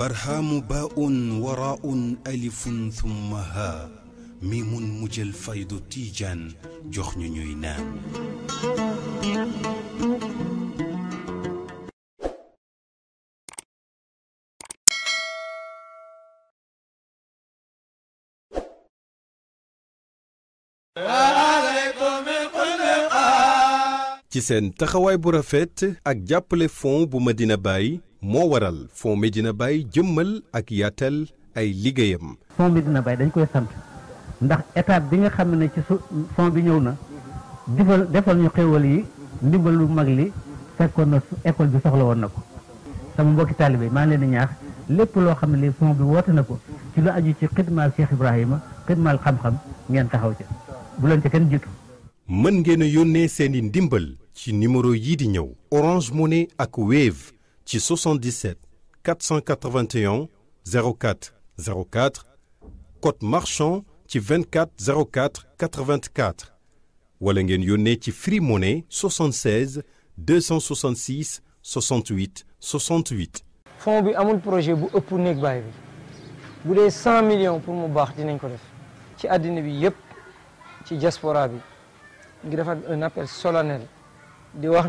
برهام باء وراء ألف ثم ها ميم مجل فيض تيجان جخن نينان ci seen taxawaay bu rafet ak jàppale fond bu Medina Baye moo waral Fonds Médina Baye jëmmal ak yaatal ay liggéeyam. Fonds dina Baye dañ koy sant ndax étape bi nga xam ne ci su fonds bi ñëw na defal defal ñu xéwal yi ndimbal lu mag li fekkoon na école bi soxla woon na ko sama mbokki taalibe maa leen di ñaax lépp loo xam ne li fonds bi woote na ko ci lu aju ci xidmaal Cheikh Ibrahima xidmaal xam-xam ngeen taxaw ca bu leen ca kenn jiitu. mën ngeen a yónnee seeni ndimbal ci numéro yii di ñëw Orange Money ak Wave ci 77 481 04 04 code marchand ci 24 04 84 wala ngeen ci Free Money 76 266 68 68. fonds bi amul projet bu ëpp néeg bay bi bu 100 millions pour mu baax dinañ ko def ci àddina bi ci diaspora bi ngi un appel solennel di wax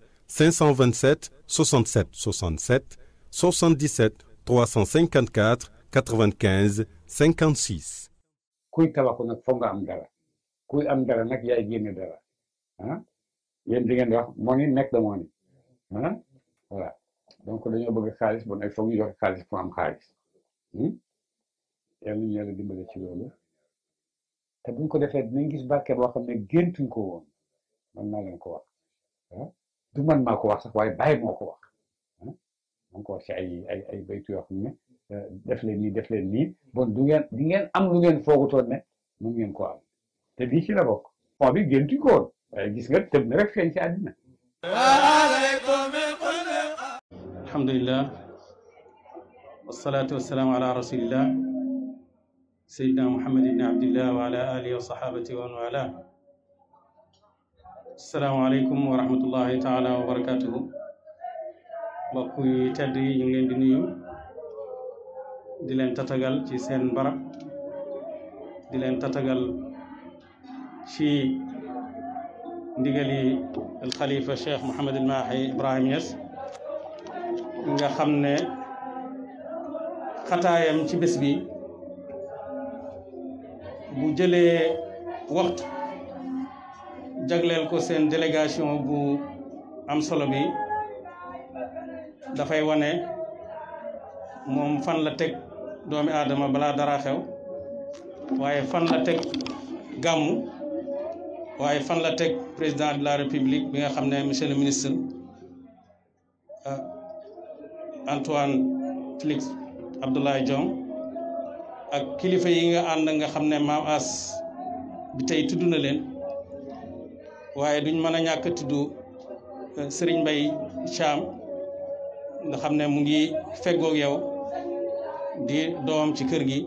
527 67 67 77 354 95 56. kuy tabaxu nag foog nga am dara kuy am dara nag yaay génne dara ah yéen di ngeen di wax moo ni nekk da moo ni ah voilà donc dañoo bëgg xaalis bon nag foog ñu joxe xaalis pour am xaalis hmm? yàlla ñu yàlla dimbale ci loolu te buñ ko defee dinañ gis barke boo xam ne géntuñ ko woon man naa leen ko wax ah. دمن ما كو واخ واي باي ما واخ مون كو سي اي اي اي بيت يو خني آه، داف لي ني داف لي بون دوغين دينغين ام لوغين فوغو تو ني مون كو ام تي بي سي لا بوك فو بي جينتي كون آه، غيس نك تب نك فين سي ادنا الحمد لله والصلاة والسلام على رسول الله سيدنا محمد بن عبد الله وعلى آله وصحابته ومن والاه assalaamu aleykum wa rahmatullahi taala wa barakatuhu mbokk yi tedd yi ñu ngi leen di nuyu di leen tatagal ci seen barab di leen tatagal ci ndigali alxalifa cheikh Mouhamed El Mahi Ibrahima Niass nga xam ne xataayam ci bés bi bu jëlee waxtu jagleel ko seen délégation bu am solo bi dafay wane moom fan la teg doomi aadama balaa dara xew waaye fan la teg gàmmu waaye fan la teg président de la république bi nga xam ne monsieur le ministre euh, Antoine Félix Abdoulaye Diome ak kilifa yi nga ànd nga xam ne maam as tey tudd na leen waaye duñ mën a ñàkk tudd euh, Serigne Mbaye Thiam nga xam ne mu ngi feggoog yow di doom ci kër gi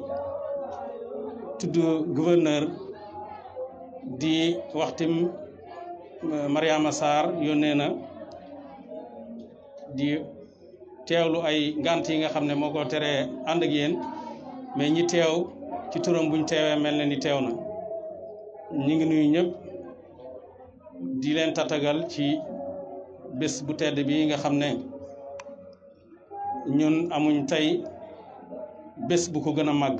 tudd gouverneur di waxtim euh, Mariama Sarr yónnee na di teewlu ay ngant yi nga xam ne moo ko teree ànd ak yéen mais ñi teew ci turam buñ teewee mel na ni teew na ñu ngi nuyu ñëpp di leen tatagal ci bés bu tedd bi nga xam ne ñun amuñ tey bés bu ko gën a mag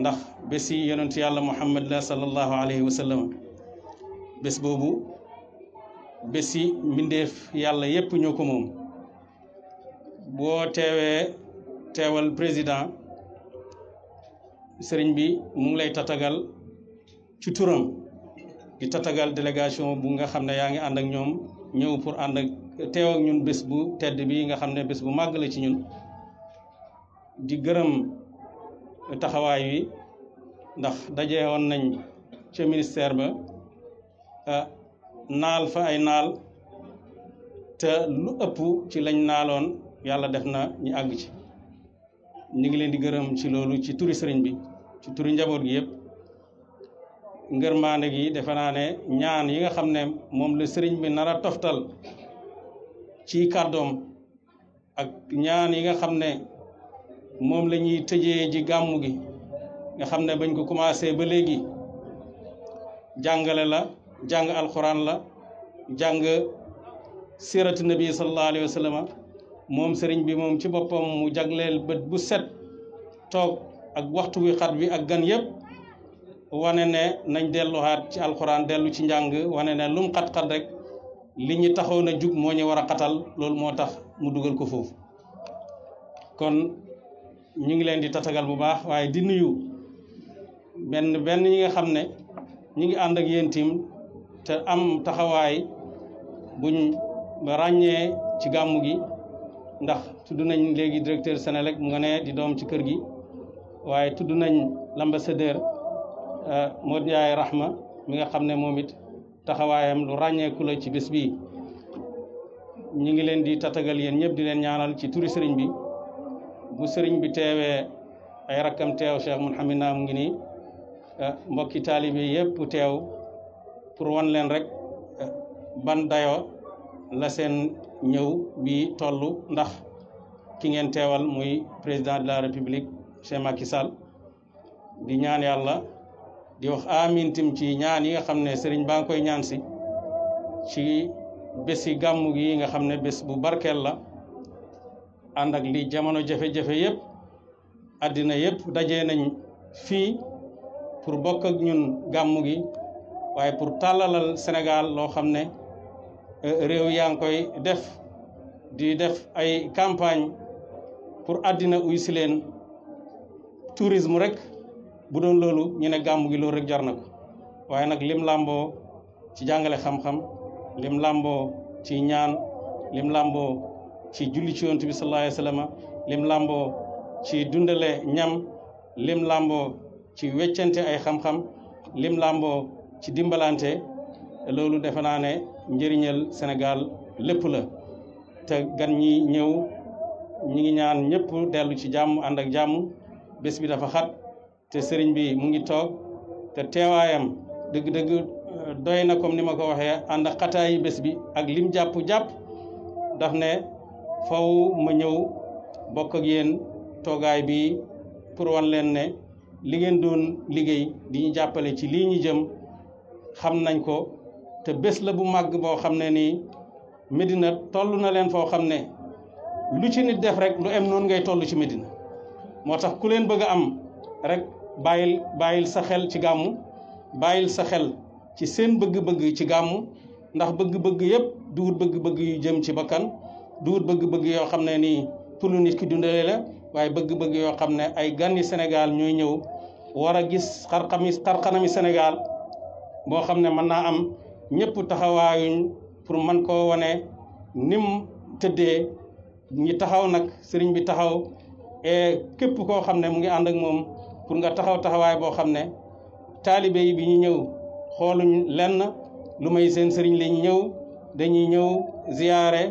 ndax bés yi yonent yàlla mohammad la sal allahu alayhi wa sallam bés boobu bés yi mbindeef yàlla yépp ñoo ko moom boo teewee teewal président sëriñ bi mu ngi lay tatagal ci turam ci tatagal délégation bu nga xam ne yaa ngi ànd ak ñoom ñëw pour ànd ak teew ñun bés bu tedd bi nga xam ne bés bu màgg la ci ñun di gërëm taxawaay wi ndax daje woon nañ ca ministère ba ah, naal fa ay naal te lu ëpp ci lañ naaloon yàlla def na ñu àgg ci ñu ngi leen di gërëm ci loolu ci turi sëriñ bi ci turi njaboot bi yëpp ngërmaande gi defe naa ne ñaan yi nga xam ne moom la sëriñ bi nar a toftal ci kàddoom ak ñaan yi nga xam ne moom lañuy ñuy tëjee ji gàmmu gi nga xam ne bañ ko commencé ba léegi jàngale la jàng alxuraan la jàng siratu nabi sallallahu alayhi moom sëriñ bi moom ci boppam mu jagleel bët bu set toog ak waxtu wi xat bi ak gan yëpp wane ne nañ delluwaat ci alxuraan dellu ci njàng wane na lum xat-xat rek li ñu taxaw na jug moo ñu war a xatal loolu moo tax mu dugal ko foofu kon ñu ngi leen di tatagal bu baax waaye di nuyu benn benn ñi nga xam ne ñu ngi ànd ak yéen tim te am taxawaay buñ ràññee ci gàmmu gi ndax tudd nañ léegi directeur Senelec mu nga ne di doom ci kër gi waaye tudd nañ l'ambassadeur Eh, modi yaay rahma mi nga xam ne moom it taxawaayam lu ràññeeku la ci bis bii ñu ngi leen di tatagal yéen ñëpp di leen ñaanal ci turi sëriñ bi bu sëriñ bi teewee ay rakkam teew cheikh mouhamid naam ngi nii eh, mbokki taalibe yépp teew pour wan leen rek eh, ban dayo la seen ñëw bi toll ndax ki ngeen teewal muy président de la république cheikh makisall di ñaan yàlla di wax a tim ci ñaan yi nga xam ne sëriñ baa ngi koy ñaan si ci bési gàmmu gi nga xam ne bés bu barkeel la ànd li jamono jafe-jafe yëpp àddina yëpp daje nañ fii pour bokk ak ñun gàmmu gi waaye pour tàllalal Sénégal loo xam ne e, réew yaa ngi koy def di def ay campagne pour àddina uy si leen tourisme rek bu doon loolu ñu ne gàmmu gi loolu rek jar waaye nag lim làmboo ci jàngale xam-xam lim làmboo ci ñaan lim làmboo ci julli ci yonent bi sallallahu alayhi lim làmboo ci dundale ñam lim làmboo ci weccante ay xam-xam lim làmboo ci dimbalante loolu defe naa ne njëriñal senegal lépp la te gan ñi ñëw ñi ngi ñaan ñëpp dellu ci jàmm ànd ak jàmm bés bi dafa xat te sëriñ bi mu ngi toog te teewaayam dëgg-dëgg euh, doy na comme ni ma ko waxee ànd ak yi bés bi ak lim jàpp-jàpp daf ne faw ma ñëw bokk ak yéen toogaay bi pour wan leen ne li doon liggéey di ñu jàppale ci lii ñu jëm xam nañ ko te bés la bu màgg boo xam ne ni Medina toll na leen foo xam ne lu ci nit def rek lu em noonu ngay toll ci Medina moo tax ku leen bëgg am rek bàyyil bàyyil sa xel ci gàmmu bàyyil sa xel ci seen bëgg-bëgg ci gàmmu ndax bëgg-bëgg yépp duur bëgg-bëgg yu jëm ci bakkan duur bëgg-bëgg yoo xam ne nii pour lu nit ki dundale waaye bëgg-bëgg yoo xam ne ay gan yi Sénégal ñëw war a gis xarxami xarxanami senegal boo xam ne mën naa am ñëpp taxawaayuñ pour mën koo wane nim tëddee ngi taxaw nag sëriñ bi taxaw et képp koo xam ne mu ngi ànd ak moom pour nga taxaw taxawaay boo xam ne taalibe yi bi ñu ñëw xooluñ lenn lu may seen sëriñ lañ ñëw dañuy ñëw ziyaare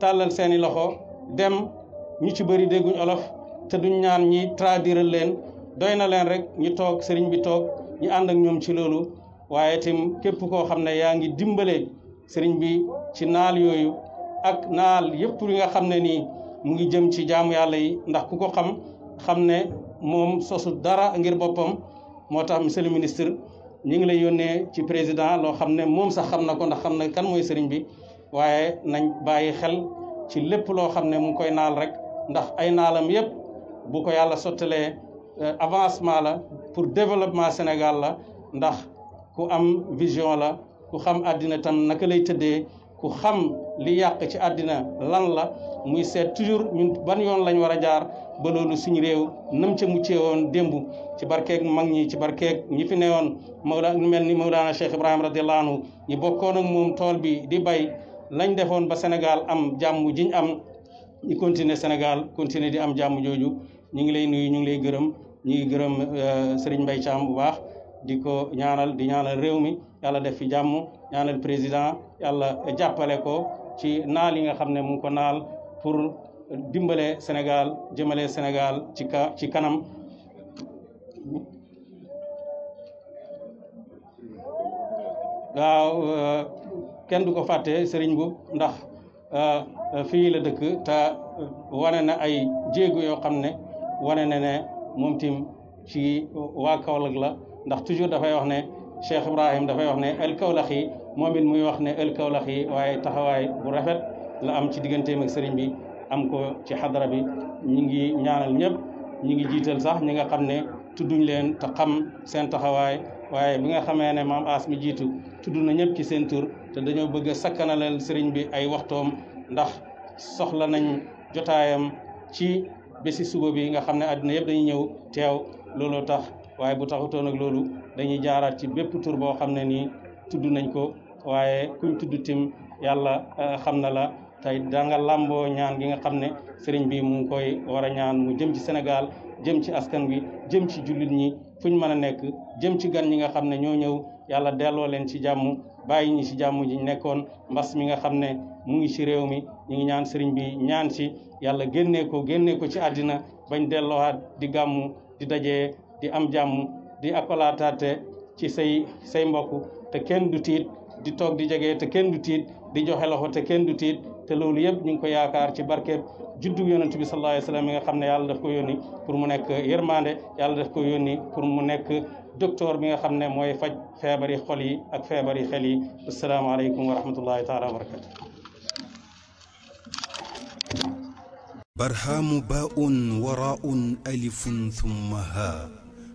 tàllal seeni loxo dem ñu ci bëri dégguñ olof te duñ ñaan ñi traduire leen doy na leen rek ñu toog sëriñ bi toog ñu ànd ak ñoom ci loolu waaye tim képp koo xam ne yaa ngi dimbale sëriñ bi ci naal yooyu ak naal yëpp li nga xam ne nii mu ngi jëm ci jaamu yàlla yi ndax ku ko xam xam ne moom sosu dara ngir boppam moo tax monsieur le ministre ñu ngi lay yónnee ci président loo xam ne moom sax xam na ko ndax xam na kan mooy sëriñ bi waaye nañ bàyyi xel ci lépp loo xam ne mu koy naal rek ndax ay naalam yépp bu ko yàlla sottalee euh, avancement la pour développement Sénégal la ndax ku am vision la ku xam àddina tam naka lay tëddee ku xam li yàq ci àddina lan la muy seet toujours ñun ban yoon lañ war a jaar ba loolu suñu réew nam ca muccee woon démb ci barkeeg mag ñi ci barkeeg ñi fi newoon mawla ñu mel ni mawlaana Cheikh Ibrahima radiyallahu anhu ñi bokkoon ak moom tool bi di bay lañ defoon ba senegal am jàmm jiñ am ñu continuer Sénégal continuer di am jàmm jooju ñu ngi lay nuyu ñu ngi lay gërëm ñu ngi gërëm euh, Serigne Mbaye Thiam bu baax di ko ñaanal di ñaanal réew mi yàlla def fi jàmm ñaanal président yàlla jàppale ko ci naal yi nga xam ne mu ko naal pour dimbale Sénégal jëmale Sénégal ci ka ci kanam waaw euh, kenn du ko fàtte Serigne Mboup ndax euh, fii la dëkk te euh, wane na ay jéego yoo xam ne wane na ne moom tim ci waa la ndax toujours dafay wax ne Cheikh Ibrahim dafay wax ne el kawlax yi moom it muy wax ne el kawlax yi waaye taxawaay bu rafet la am ci digganteem ak sëriñ bi am ko ci xadara bi ñi ngi ñaanal ñëpp ñi ngi jiital sax ñi nga xam ne tudduñ leen te xam seen taxawaay waaye bi nga xamee ne maam as mi jiitu tudd na ñëpp ci seen tur te dañoo bëgg a sakkanalal sëriñ bi ay waxtoom ndax soxla nañ jotaayam ci bési suba bi nga xam ne àddina yëpp dañuy ñëw teew looloo tax waaye bu taxutoon ak loolu dañuy jaaraat ci bépp tur boo xam ne nii tudd nañ ko waaye kuñ tudd tim yàlla eh, xam na la tey danga làmbo ñaan gi nga xam ne sëriñ bi mu ngi koy war a ñaan mu jëm ci Sénégal jëm ci askan bi jëm ci jullit ñi fuñ mën a nekk jëm ci gan ñi nga xam ne ñoo ñëw yàlla delloo leen ci jàmm bàyyi ñi ci jàmm ji nekkoon mbas mi nga xam ne mu ngi ci réew mi ñu ngi ñaan sëriñ bi ñaan ci yàlla génnee ko génnee ko ci àddina bañ delloowaat di gàmmu di di am jàmm di akolataté ci say say mbokk te kenn du tit di tok di jege te kenn du tit di joxe loxo te kenn du tit te lolu yëpp ñu ko yaakar ci barké juddu yonnati bi sallallahu alayhi wasallam nga xamné yàlla daf ko yoni pour mu nek yërmande yàlla daf ko yoni pour mu nek docteur bi nga xamné moy mooy faj feebari xol yi ak feebari xel yi assalamu alaykum wa rahmatullahi taala wa barakatuh برهام باء وراء الف ثم ha